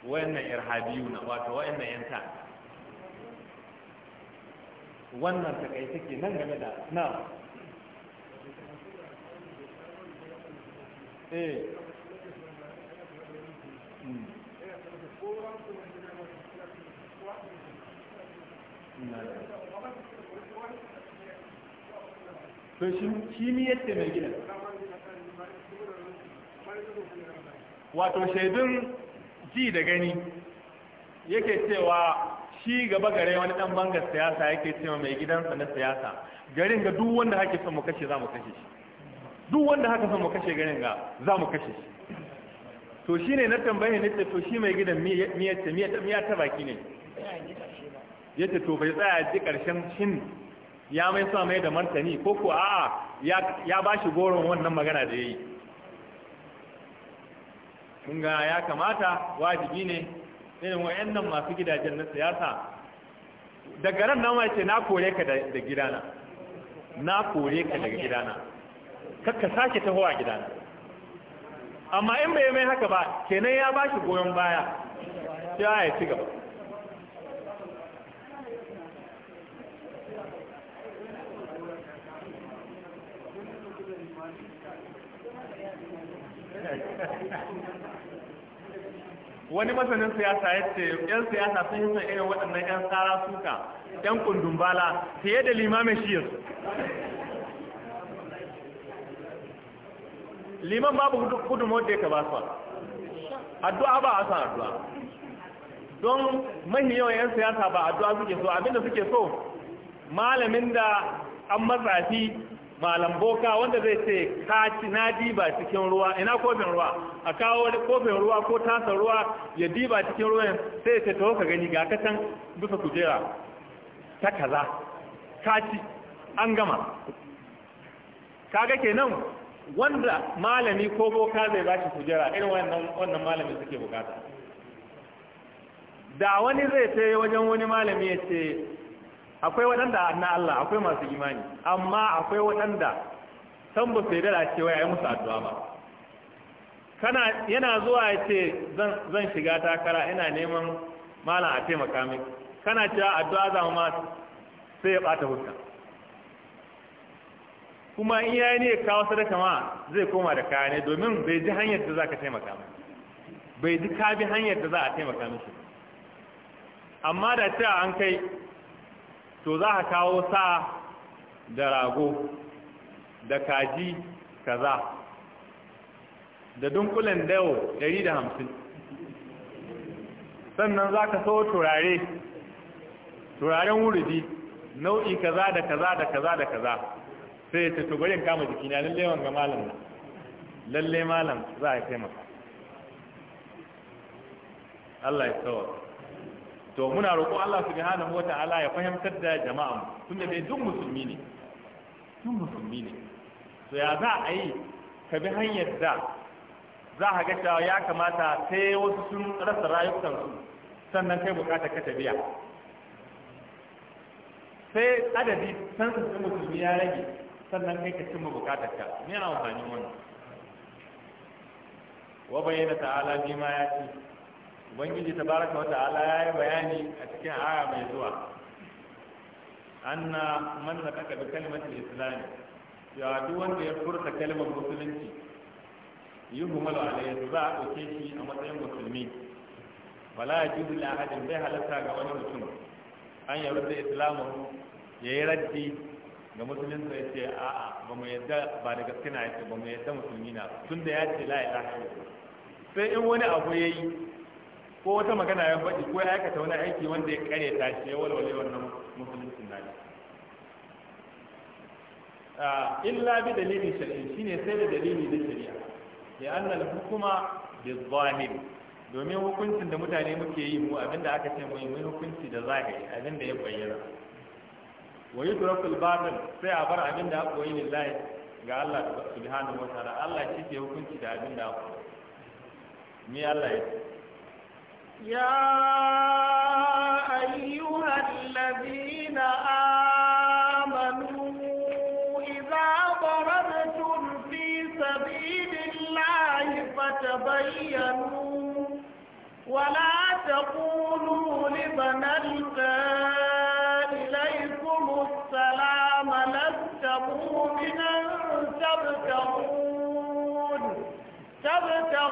wayannan irhabiyu na wato wayannan yan ta'adda wannan kai ke nan game da na eh hmm. to shi ni yadda mai gina wato shaidun ji da gani yake cewa shi gaba gare wani dan bangar siyasa yake cewa mai gidansa na siyasa garin ga duk wanda hake son mu kashe za mu kashe shi duk wanda haka son mu kashe garin ga za mu kashe shi to shine na tambaye ne to shi mai gidan mi yace mi ya ta baki ne yace to bai tsaya ji karshen shin ya mai sa mai da martani ko ko a'a ya ya bashi goron wannan magana da yayi kun ga ya kamata wajibi ne wa'yan nan masu gidajen na siyasa daga ran nan ce na kore ka da gidana na kore ka daga gidana kakka sake taho a gidana amma in bai mai haka ba kenan ya bashi goyon baya sai ya ci gaba Thank <laughs> you. wani masanin siyasa ya ce yan siyasa sun yi san irin waɗannan yan tsara suka yan kundun bala fiye da limamin shi yanzu liman babu kudu da ya ka ba su addu'a ba a san addu'a don mahi yawan yan siyasa ba addu'a suke so abinda suke so malamin da an matsafi malam boka wanda zai ce ka ci na diba cikin ruwa ina kofin ruwa a kawo wani kofin ruwa ko tasa ruwa ya diba cikin ruwan sai ce to ka gani ga ka bisa kujera ta kaza ka ci an gama kaga kenan wanda malami ko boka zai ba shi kujera irin wannan wannan malami suke bukata da wani zai ce wajen wani malami ya ce akwai waɗanda na Allah akwai masu imani amma akwai waɗanda san ba su yarda cewa yi musu addu'a ba kana yana zuwa ya ce zan shiga takara ina neman malam a taimaka min kana cewa addu'a za ma sai ya bata hukka kuma in yayi ne kawo sadaka ma zai koma da kaya ne domin bai ji hanyar da zaka taimaka min bai ji ka bi hanyar da za a taimaka mishi amma da cewa an kai to za a kawo sa da rago da kaji kaza da dunkulen dawo 150 sannan za ka sau turare turaren wurudi nau'i kaza da kaza da kaza da kaza sai ta tubarin to kama jikina lalle wanga malam na lalle malam za a taimaka Allah ya tsawata to muna roƙo Allah subhanahu wata'ala ya fahimtar da jama'a tun da dai duk musulmi ne duk musulmi ne to ya za a yi ka bi hanyar da za a ga cewa ya kamata sai wasu sun rasa rayukansu sannan kai buƙatar ka tabiya sai adadi san sun musulmi ya rage sannan kai ka cimma bukatar ka me yana amfani wannan wa bayyana ta'ala bima ya ce ubangiji tabaraka wata ala ya yi bayani a cikin aya mai zuwa na manna kaka bi kalimatul islam ya duk wanda ya furta kalmar musulunci yuhmalu alayhi za a ɗauke shi a matsayin musulmi wala ya li ahadin bai halatta ga wani mutum an yi rufe islamu ya yi raddi ga musulunci sai ce a'a ba mu yadda ba da gaske na ce ba mu yadda musulmi na tun da ya ce la ilaha illallah sai in wani abu ya yi. ko wata magana ya faɗi ko ya aikata wani aiki wanda ya kare ta shi ya walwale wannan musuluncin nashi illa bi dalilin shari'i shine sai da dalili da shari'a ya annal hukuma bi zahir domin hukuncin da mutane muke yi mu abinda aka ce mu yi hukunci da zahiri abinda ya bayyana wa yudraku al-batil sai a bar abinda aka koyi lillahi ga Allah subhanahu wa ta'ala Allah shi ke hukunci da abinda aka mi Allah ya ce يا أيها الذين آمنوا إذا ضربتم في سبيل الله فتبينوا ولا تقولوا لمن ألقى إليكم السلام لست مؤمنا تبتغون تبتغون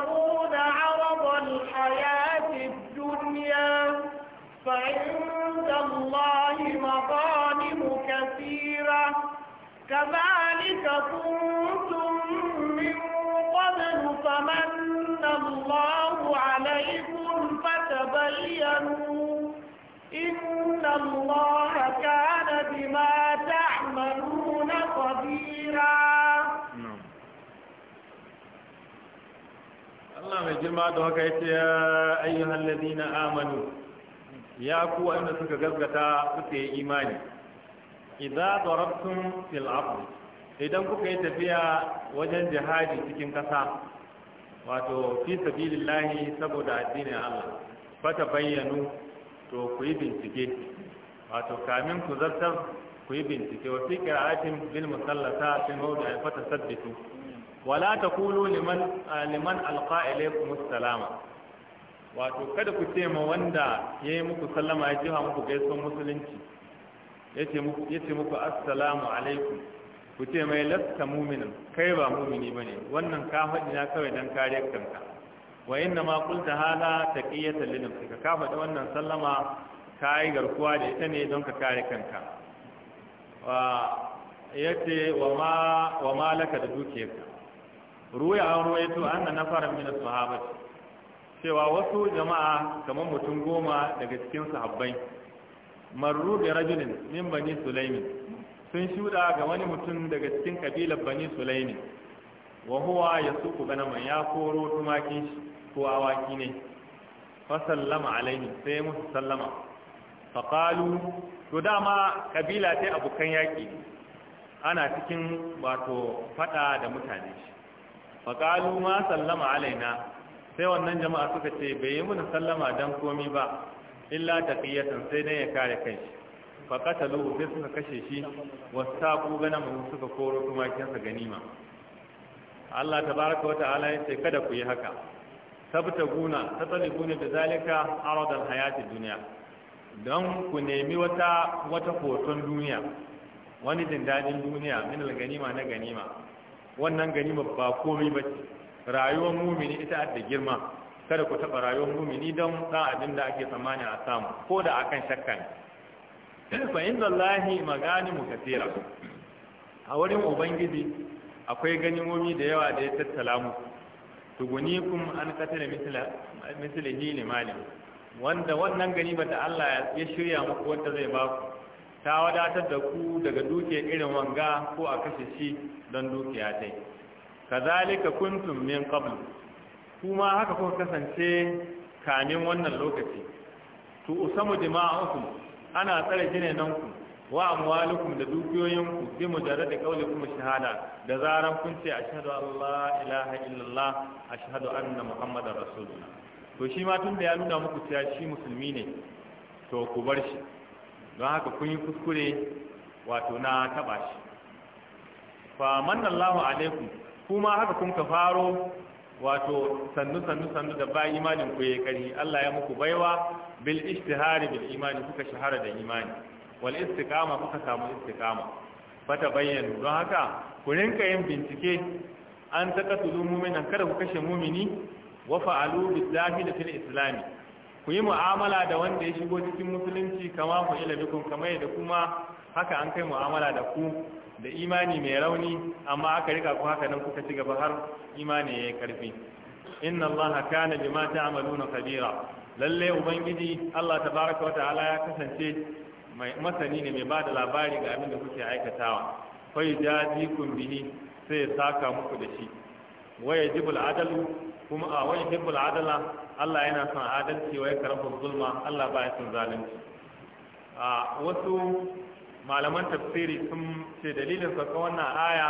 Allah mai girma da haka yace ya ayyuhal ladina amanu ya ku wanda suka gaskata suka yi imani idza darabtum fil ard idan kuka yi tafiya wajen jihadi cikin kasa wato fi sabilillahi saboda addinin Allah ta bayyanu to ku yi bincike wato kamin ku zartar ku yi bincike wa fi qira'atin bil musallata fi mawdi'i fa sabbitu wala taqulu liman ah, liman alqa ilaykum assalama wato kada ku ce ma wanda ya yi muku sallama ya jiha muku gaisuwar musulunci yace muku yace muku assalamu alaikum ku ce mai lasta muminin kai ba mumini ba ne wannan ka faɗi na kawai don kare kanka wa inna ma kulta hala taqiyatan li nafsika ka faɗi wannan sallama ka yi garkuwa da ita ne don ka kare kanka ya ce wa ma laka malaka da dukiyarka to an na na fara min sahabati cewa wasu jama'a kamar mutum goma daga cikin sahabbai marru bi rajulin min bani sulaimi sun shuda ga wani mutum daga cikin kabilar bani sulaimi wa huwa yasuku man ya koro tumakin shi ko awaki ne fa sallama alaihi sai musu sallama fa qalu to dama kabila ta abokan yaki ana cikin wato fada da mutane shi faƙalu ma sallama alaina sai wannan jama'a suka ce bai yi muna sallama don komi ba illa taqiyatan sai dai ya kare kai faqatalu sai suka kashe shi wasaqu ganamu suka koro tumakin ganima Allah Ta wa ta'ala yace kada ku yi haka tabtaguna tatalibuna da zalika aradal hayatid duniya. don ku nemi wata wata hoton duniya wani jin dadin duniya min ganima na ganima wannan gani ba komai ba ce rayuwar mumini ita da girma kada ku taɓa rayuwar mumini don sa abin da ake tsammani a samu ko da akan shakka ne fa inda Allahi magani mu kasira a wurin ubangiji akwai ganimomi da yawa da ya tattala mu tugunikum an katira mislihi limalim wanda wannan ganimar da Allah ya shirya muku wanda zai ba ku ta wadatar da ku daga dukiyar irin wanga ko a kashe shi don dukiya ta yi kazalika kuntum min qabl kuma haka kuka kasance kamin wannan lokaci to usamu dima'ukum ana tsare jinenan ku wa amwalukum da dukiyoyinku bi mujarrad da kuma shahada da zaran kun ce ashhadu an la ilaha illallah ashhadu anna muhammadar rasulullah to shi ma tun ya nuna muku cewa shi musulmi ne to ku bar shi don haka kun yi kuskure wato na taba shi fa mannallahu alaikum kuma haka kun ka faro wato sannu sannu sannu da ba imanin ku yayi kari Allah ya muku baiwa bil ishtihari bil imani kuka shahara da imani wal istiqama kuka samu istiqama fata bayyana don haka ku rinka yin bincike an taka tulu mu'minan kada ku kashe mu'mini wa fa'alu bil zahiri fil islami ku yi mu'amala da wanda ya shigo cikin musulunci kama ku ila bikum kama yadda kuma haka an kai mu'amala da ku da imani mai rauni amma aka rika ku haka nan kuka ci gaba har imani yayi karfi inna allaha kana bima ta'maluna kabira lalle ubangiji Allah tabaraka wata'ala ya kasance mai masani ne mai bada labari ga abin da kuke aikatawa fa yajadikum bihi sai ya saka muku da shi wa jibul adalu kuma a wa jibul adala Allah yana son adalci wa ya zulma Allah ba ya son zalunci a wasu malaman tafsiri sun ce dalilin ka wannan aya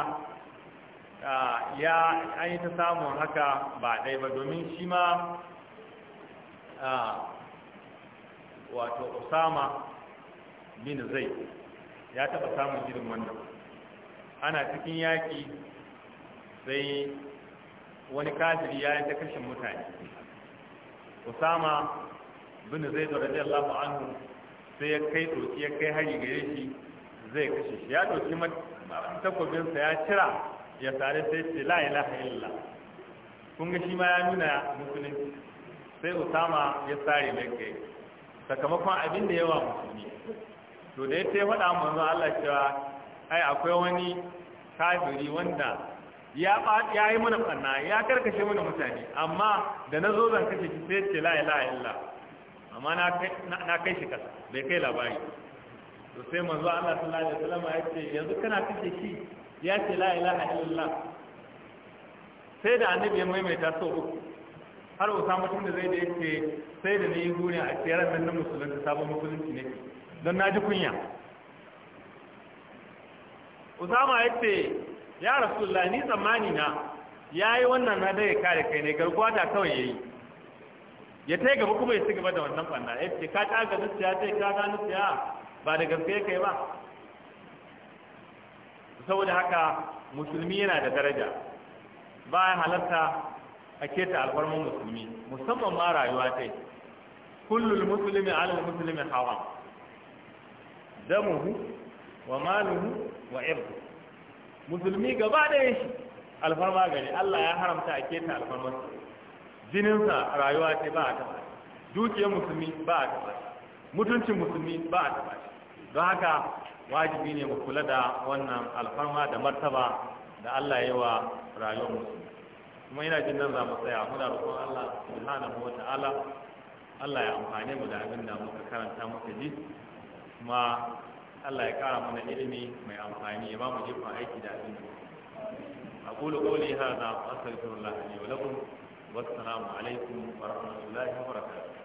ya an ta samun haka ba ɗaya ba domin shi ma wato usama bin zai ya taɓa samun irin wannan ana cikin yaƙi sai wani kafiri ya yi ta kashin mutane usama bin zai da radiyallahu anhu sai ya kai doki ya kai hari gare shi zai kashe shi ya doki takobinsa ya cira ya tare sai ce la ilaha illa kun ga shi ma ya nuna musulunci sai usama ya sare mai kai sakamakon abin da yawa musulmi to da ya ce faɗa manzo Allah cewa ai akwai wani kafiri wanda ya yi mana fanna ya karkashe mana mutane amma da na zo zan kashe shi sai ce la ilaha illa amma na kai shi kasa bai kai labari to sai manzo Allah sallallahu alaihi wasallam ya ce yanzu kana kashe shi ya ce la ilaha illa sai da annabi ya maimaita so uku har Usama tun da zai da yake sai da ni gure a tsayar nan na musulunci sabon musulunci ne don na ji kunya Usama ya ce ya rasulullah ni tsammani na ya yi wannan na da ya kare kai ne garkuwa ta kawai yi. ya yi gaba kuma ya ci gaba da wannan banna ya ce ka ta ga nutsiya ta ka ga nufiya ba da gaske kai ba saboda haka musulmi yana da daraja ba ya halatta a keta alfarmar musulmi musamman ma rayuwa ta kullul musulmi alal musulmi hawa damuhu wa maluhu wa irdu musulmi gaba ɗaya shi alfarma gani Allah ya haramta a keta alfarmar jininsa rayuwa ce ba a taba dukiyar musulmi ba a taba mutuncin musulmi ba a taba don haka wajibi ne mu kula da wannan alfarma da martaba da Allah ya yi wa rayuwar musulmi kuma ina jin nan za mu tsaya muna roƙon Allah subhanahu wa ta'ala Allah ya amfani mu da abin da muka karanta muka ji kuma Allah ya kara mana ilimi mai amfani ya ba mu jifa aiki da ilimi a ƙulu ƙuli haɗa a ƙasar turun wa salamu alaikum wa rahmatullahi wa rahmatullahi